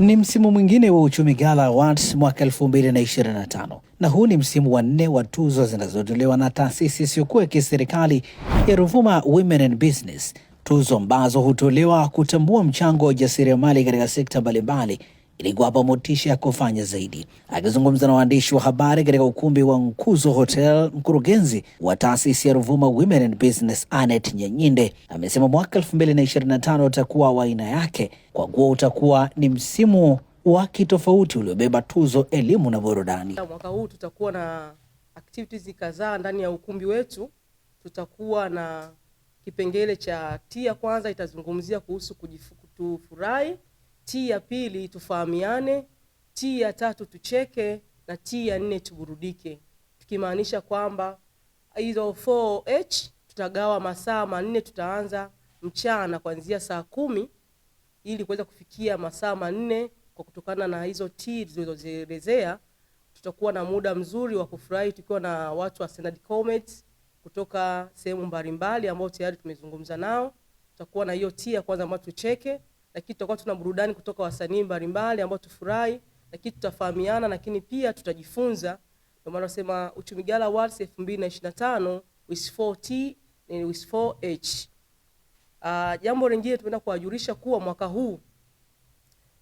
Ni msimu mwingine wa Uchumi Gala Awards mwaka mbili na huu ni msimu wa nne wa tuzo zinazotolewa na taasisi isiyokuwa ya kiserikali ya Ruvuma Women in Business, tuzo ambazo hutolewa kutambua mchango wa ujasiriamali katika sekta mbalimbali ili kuwapa motisha ya kufanya zaidi. Akizungumza na waandishi wa habari katika ukumbi wa Nkuzo Hotel, mkurugenzi wa taasisi ya Ruvuma Women in Business Anet Nyanyinde amesema mwaka tano utakuwa wa aina yake kwa kuwa utakuwa ni msimu wa kitofauti uliobeba tuzo, elimu na burudani. Mwaka huu tutakuwa na activities kadhaa ndani ya ukumbi wetu. Tutakuwa na kipengele cha tia kwanza, itazungumzia kuhusu kujifurahi T ya pili tufahamiane, T ya tatu tucheke na T ya nne tuburudike, tukimaanisha kwamba hizo 4H tutagawa masaa manne. Tutaanza mchana kuanzia saa kumi ili kuweza kufikia masaa manne. Kwa kutokana na hizo T zilizozielezea, tutakuwa na muda mzuri wa kufurahi tukiwa na watu wa Standard Comet kutoka sehemu mbalimbali ambao tayari tumezungumza nao. Tutakuwa na hiyo T ya kwanza ambayo tucheke lakini tutakuwa tuna burudani kutoka wasanii mbalimbali ambao tufurahi, lakini tutafahamiana, lakini pia tutajifunza. Ndio maana nasema Uchumi Gala Awards 2025 with 4T and with 4H. Uh, ah, jambo lingine tumeenda kuwajulisha kuwa mwaka huu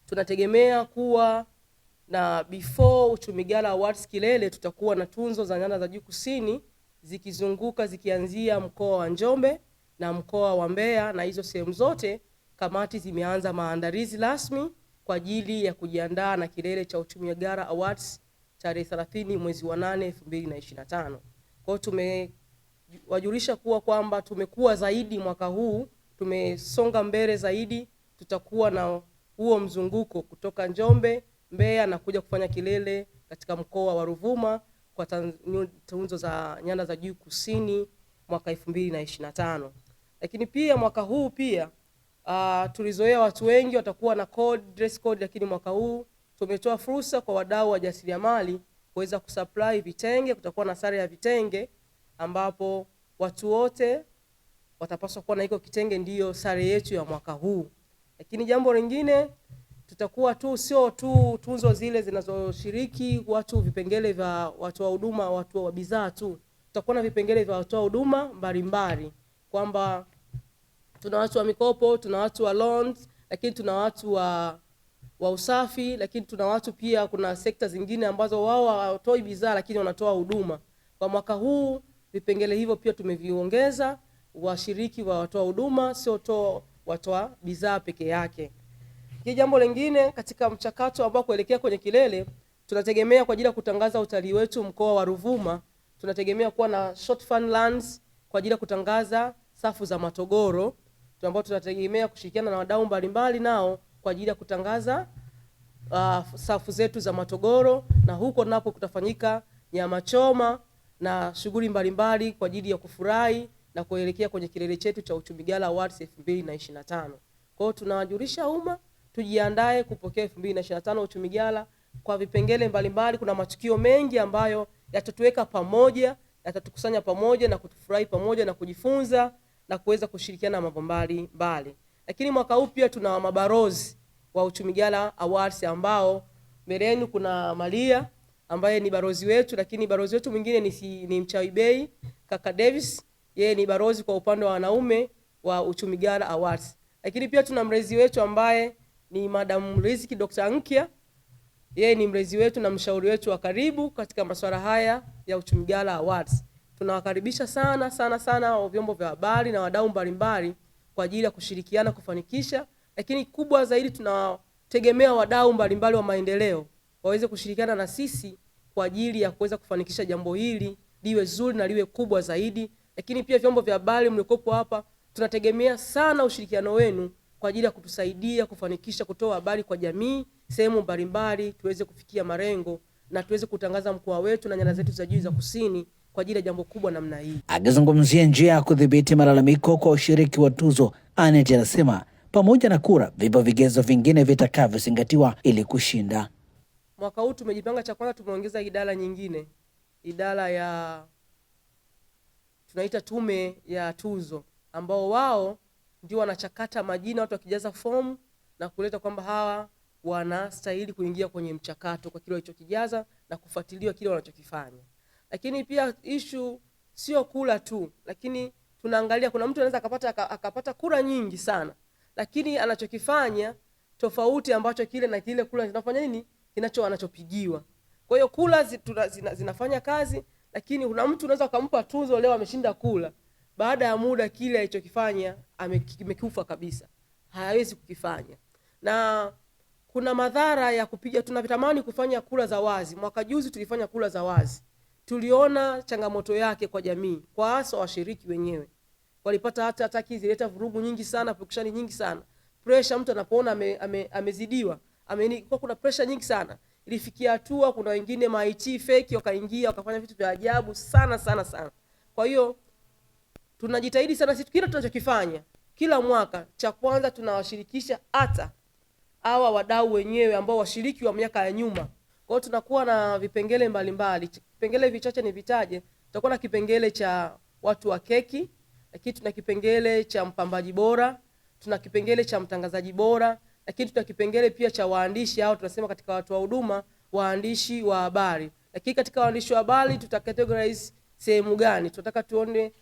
tunategemea kuwa na before Uchumi Gala Awards kilele, tutakuwa na tunzo za nyanda za juu kusini zikizunguka zikianzia mkoa wa Njombe na mkoa wa Mbeya na hizo sehemu zote kamati zimeanza maandalizi rasmi kwa ajili ya kujiandaa na kilele cha Uchumi Gara Awards tarehe 30 mwezi wa 8 2025. Kwa hiyo tumewajulisha kuwa kwamba tumekuwa zaidi mwaka huu, tumesonga mbele zaidi, tutakuwa na huo mzunguko kutoka Njombe, Mbeya na kuja kufanya kilele katika mkoa wa Ruvuma kwa tunzo za nyanda za juu kusini mwaka 2025. Lakini pia mwaka huu pia Uh, tulizoea watu wengi watakuwa na code, dress code, lakini mwaka huu tumetoa fursa kwa wadau wa jasiriamali kuweza kusupply vitenge. Kutakuwa na sare ya vitenge ambapo watu wote watapaswa kuwa na hiko kitenge, ndiyo sare yetu ya mwaka huu. Lakini jambo lingine tutakuwa tu sio tu tunzo zile zinazoshiriki watu vipengele vya wa huduma, watu wa bidhaa tu, tutakuwa na vipengele vya wa huduma mbalimbali kwamba tuna watu wa mikopo, tuna watu wa loans, lakini tuna watu wa, wa usafi, lakini tuna watu pia, kuna sekta zingine ambazo wao hawatoi bidhaa lakini wanatoa huduma. Kwa mwaka huu vipengele hivyo pia tumeviongeza, washiriki wa watoa huduma, sio to watoa bidhaa peke yake. Hii jambo lingine katika mchakato ambao kuelekea kwenye kilele tunategemea kwa ajili ya kutangaza utalii wetu mkoa wa Ruvuma, tunategemea kuwa na short fund lands kwa ajili ya kutangaza safu za matogoro ambao tunategemea kushirikiana na wadau mbalimbali nao kwa ajili ya kutangaza uh, safu zetu za matogoro, na huko napo kutafanyika nyama choma na shughuli mbalimbali kwa ajili ya kufurahi na kuelekea kwenye kilele chetu cha Gala Awards 2025. Kwa hiyo tunawajulisha umma tujiandae kupokea 2025 Gala kwa vipengele mbalimbali Kuna matukio mengi ambayo yatatuweka pamoja, yatatukusanya pamoja na kutufurahi pamoja na kujifunza na kuweza kushirikiana na mambo mbali. Lakini mwaka huu pia tuna mabarozi wa Uchumi Uchumigala Awards ambao mbele yenu kuna Maria ambaye ni barozi wetu, lakini barozi wetu mwingine ni, ni Mchawi Bey Kaka Davis, yeye ni barozi kwa upande wa wanaume wa Uchumi Uchumigala Awards. Lakini pia tuna mrezi wetu ambaye ni Madam Riziki Dr. Nkia, yeye ni mrezi wetu na mshauri wetu wa karibu katika masuala haya ya Uchumi Uchumigala Awards. Tunawakaribisha sana sana sana wa vyombo vya habari na wadau mbalimbali kwa ajili ya kushirikiana kufanikisha, lakini kubwa zaidi tunawategemea wadau mbalimbali wa maendeleo waweze kushirikiana na sisi kwa ajili ya kuweza kufanikisha jambo hili liwe zuri na liwe kubwa zaidi. Lakini pia vyombo vya habari mlikopo hapa, tunategemea sana ushirikiano wenu kwa ajili ya kutusaidia kufanikisha kutoa habari kwa jamii sehemu mbalimbali, tuweze kufikia malengo na tuweze kutangaza mkoa wetu na nyanda zetu za juu za kusini kwa ajili ya jambo kubwa namna hii. Akizungumzia njia ya kudhibiti malalamiko kwa ushiriki wa tuzo, Anet anasema pamoja na kura, vipo vigezo vingine vitakavyozingatiwa ili kushinda. Mwaka huu tumejipanga, cha kwanza tumeongeza idara nyingine, idara ya tunaita tume ya tuzo, ambao wao ndio wanachakata majina watu wakijaza fomu na kuleta kwamba hawa wanastahili kuingia kwenye mchakato kwa kile walichokijaza na kufuatiliwa kile wanachokifanya. Lakini pia ishu sio kula tu, lakini tunaangalia kuna mtu anaweza akapata akapata kura nyingi sana, lakini anachokifanya tofauti ambacho kile na kile kula zinafanya nini kinacho anachopigiwa. Kwa hiyo kula zina, zina, zinafanya kazi, lakini kuna mtu unaweza ukampa tuzo leo ameshinda kula, baada ya muda kile alichokifanya amekufa kabisa, hayawezi kukifanya na kuna madhara ya kupiga. tunavitamani kufanya kula za wazi. Mwaka juzi tulifanya kula za wazi tuliona changamoto yake kwa jamii, kwa hasa washiriki wenyewe walipata hata hataki, zileta vurugu nyingi sana, pukushani nyingi sana, presha Mtu anapoona ame, ame, amezidiwa ame, kuna presha nyingi sana ilifikia hatua kuna wengine maiti feki wakaingia wakafanya vitu vya ajabu sana sana sana. Kwa hiyo tunajitahidi sana sisi, kila tunachokifanya kila mwaka, cha kwanza tunawashirikisha hata hawa wadau wenyewe ambao washiriki wa miaka ya nyuma. Kwa hiyo tunakuwa na vipengele mbalimbali. Vipengele vichache ni vitaje, tutakuwa na kipengele cha watu wa keki, lakini tuna kipengele cha mpambaji bora, tuna kipengele cha mtangazaji bora, lakini tuna kipengele pia cha waandishi au tunasema katika watu wa huduma waandishi wa habari. Lakini katika waandishi wa habari tuta categorize sehemu gani? Tunataka tuone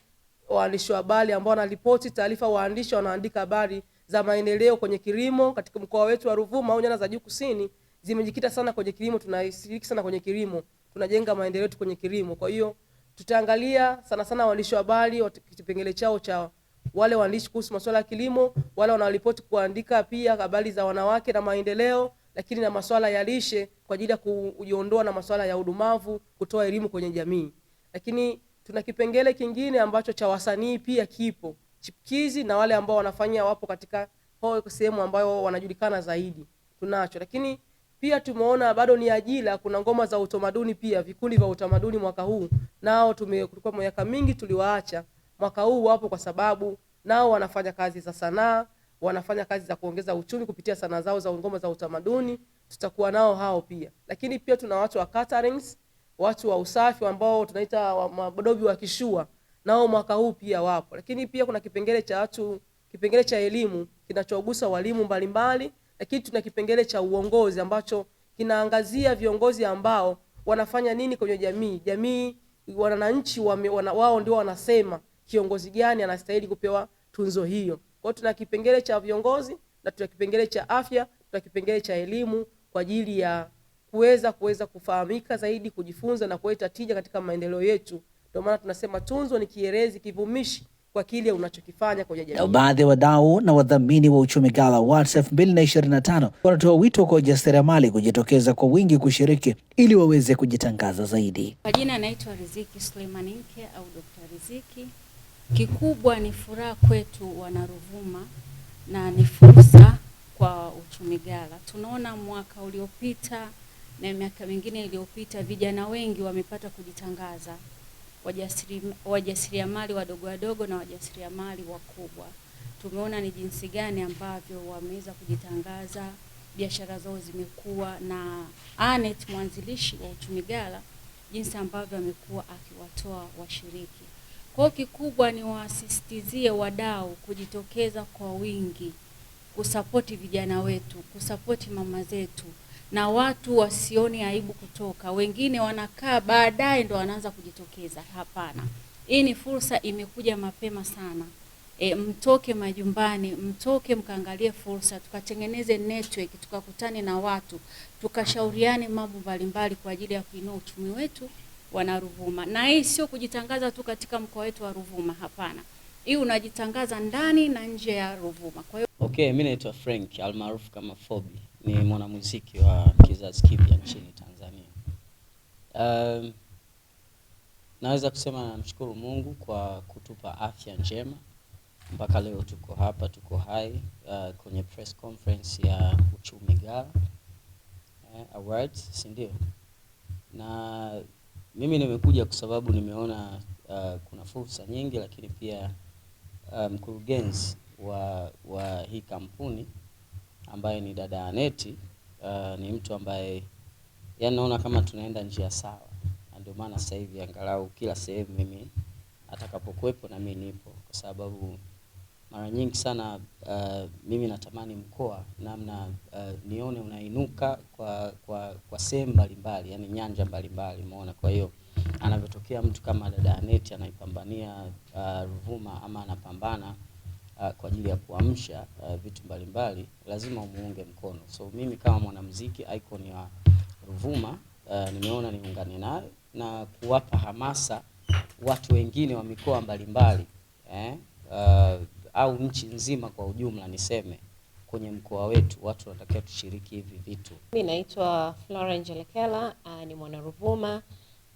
waandishi wa habari ambao wanaripoti taarifa, waandishi wanaandika habari za maendeleo kwenye kilimo katika mkoa wetu wa Ruvuma au Nyanda za Juu Kusini zimejikita sana kwenye kilimo, tunashiriki sana kwenye kilimo, tunajenga maendeleo yetu kwenye kilimo. Kwa hiyo tutaangalia sana sana waandishi wa habari, kipengele chao cha wale waandishi kuhusu masuala ya kilimo, wale wanaoripoti kuandika pia habari za wanawake na maendeleo, lakini na masuala ya lishe kwa ajili ya kujiondoa na masuala ya udumavu, kutoa elimu kwenye jamii. Lakini tuna kipengele kingine ambacho cha wasanii pia kipo chipkizi na wale ambao wanafanya wapo katika sehemu ambayo wanajulikana zaidi, tunacho lakini pia tumeona bado ni ajira, kuna ngoma za utamaduni pia, vikundi vya utamaduni mwaka huu nao tumekuwa, miaka mingi tuliwaacha, mwaka huu wapo kwa sababu nao wanafanya kazi za sanaa, wanafanya kazi za kuongeza uchumi kupitia sanaa zao za ngoma za utamaduni, tutakuwa nao hao pia. Lakini pia tuna watu wa caterings, watu wa usafi ambao tunaita mabodobi wa kishua, nao mwaka huu pia wapo. Lakini pia kuna kipengele cha watu, kipengele cha elimu kinachogusa walimu mbalimbali lakini tuna kipengele cha uongozi ambacho kinaangazia viongozi ambao wanafanya nini kwenye jamii. Jamii, wananchi wana, wao ndio wanasema kiongozi gani anastahili kupewa tunzo hiyo. Kwa hiyo tuna kipengele cha viongozi na tuna kipengele cha afya, tuna kipengele cha elimu kwa ajili ya kuweza kuweza kufahamika zaidi, kujifunza na kuleta tija katika maendeleo yetu. Ndio maana tunasema tunzo ni kielezi, kivumishi kwa kile unachokifanya kwenye jamii. Baadhi ya wadau na wadhamini wa Uchumi Gala Awards 2025 wanatoa wito kwa wajasiriamali kujitokeza kwa wingi kushiriki ili waweze kujitangaza zaidi. Kwa jina anaitwa Riziki Suleiman Inke au Dr. Riziki. Kikubwa ni furaha kwetu Wanaruvuma na ni fursa kwa Uchumi Gala. Tunaona mwaka uliopita na miaka mingine iliyopita vijana wengi wamepata kujitangaza wajasiriamali wadogo wadogo na wajasiriamali wakubwa. Tumeona ni jinsi gani ambavyo wameweza kujitangaza, biashara zao zimekuwa, na Anet mwanzilishi wa Uchumi Gala, jinsi ambavyo amekuwa akiwatoa washiriki. Kwa kikubwa ni wasisitizie wadau kujitokeza kwa wingi kusapoti vijana wetu, kusapoti mama zetu na watu wasione aibu kutoka. Wengine wanakaa baadaye ndo wanaanza kujitokeza. Hapana, hii ni fursa, imekuja mapema sana. E, mtoke majumbani, mtoke mkaangalie fursa, tukatengeneze network, tukakutane na watu, tukashauriane mambo mbalimbali kwa ajili ya kuinua uchumi wetu wana Ruvuma. Na hii sio kujitangaza tu katika mkoa wetu wa Ruvuma, hapana, hii unajitangaza ndani na nje ya Ruvuma. Kwa hiyo okay, mimi naitwa Frank almaarufu kama Fobi ni mwanamuziki wa kizazi kipya nchini Tanzania. Um, naweza kusema namshukuru Mungu kwa kutupa afya njema mpaka leo tuko hapa, tuko hai uh, kwenye press conference ya Uchumi Gala uh, awards, si ndio? Na mimi nimekuja kwa sababu nimeona uh, kuna fursa nyingi, lakini pia uh, mkurugenzi um, wa, wa hii kampuni ambaye ni dada Aneti. Uh, ni mtu ambaye yani naona kama tunaenda njia sawa, na ndio maana sasa hivi angalau kila sehemu mimi atakapokuwepo na mimi nipo, kwa sababu mara nyingi sana uh, mimi natamani mkoa namna uh, nione unainuka kwa kwa, kwa sehemu mbalimbali, yani nyanja mbalimbali umeona. Kwa hiyo anavyotokea mtu kama dada Aneti anaipambania uh, Ruvuma ama anapambana uh, kwa ajili ya kuamsha uh, vitu mbalimbali mbali, lazima umuunge mkono. So mimi kama mwanamuziki icon ya Ruvuma uh, nimeona niungane nayo na kuwapa hamasa watu wengine wa mikoa mbalimbali eh, uh, au nchi nzima kwa ujumla niseme kwenye mkoa wetu watu wanatakiwa tushiriki hivi vitu. Mimi naitwa Flora Njelekela, uh, ni mwana Ruvuma,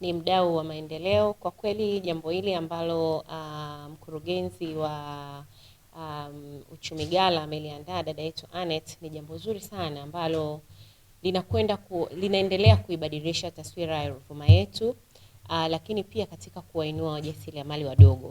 ni mdau wa maendeleo. Kwa kweli jambo hili ambalo uh, mkurugenzi wa um, uchumi gala ameliandaa dada yetu Anet ni jambo zuri sana ambalo linakwenda ku, linaendelea kuibadilisha taswira ya Ruvuma yetu uh, lakini pia katika kuwainua wajasiriamali wadogo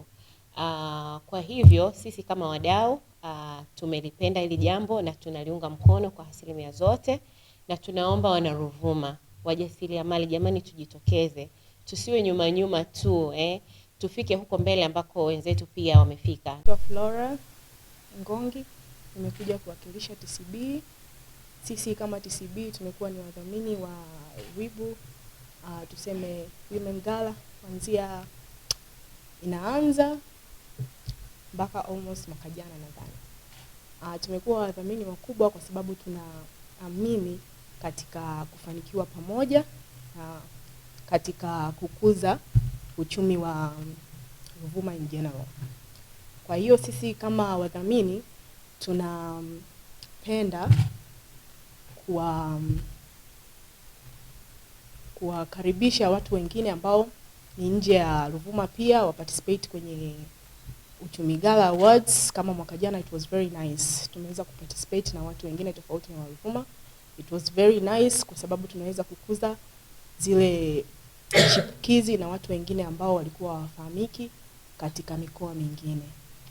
uh, kwa hivyo sisi kama wadau uh, tumelipenda hili jambo na tunaliunga mkono kwa asilimia zote, na tunaomba wanaruvuma wajasiriamali, jamani, tujitokeze tusiwe nyuma nyuma tu eh tufike huko mbele ambako wenzetu pia wamefika. Flora Ngongi, nimekuja kuwakilisha TCB. Sisi kama TCB tumekuwa ni wadhamini wa Wibu uh, tuseme Women Gala kuanzia inaanza mpaka almost mwaka jana nadhani. Uh, tumekuwa wadhamini wakubwa kwa sababu tunaamini katika kufanikiwa pamoja na uh, katika kukuza uchumi wa Ruvuma in general. Kwa hiyo sisi kama wadhamini tunapenda kuwa kuwakaribisha watu wengine ambao ni nje ya Ruvuma pia participate kwenye Uchumi Gala Awards. Kama mwaka jana, it was very nice, tumeweza kuparticipate na watu wengine tofauti na Ruvuma. It was very nice kwa sababu tunaweza kukuza zile chipukizi na watu wengine ambao walikuwa hawafahamiki katika mikoa mingine.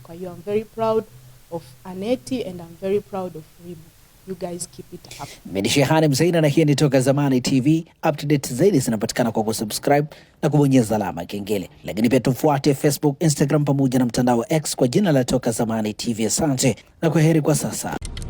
Kwa hiyo I'm very proud of Aneti and I'm very proud of Ribu. You guys keep it up. Mimi Shehani mzaina na hii ni Toka Zamani TV. Update zaidi zinapatikana kwa kusubscribe na kubonyeza alama kengele, lakini pia tufuate Facebook, Instagram pamoja na mtandao wa X kwa jina la Toka Zamani TV. Asante na kwaheri kwa sasa.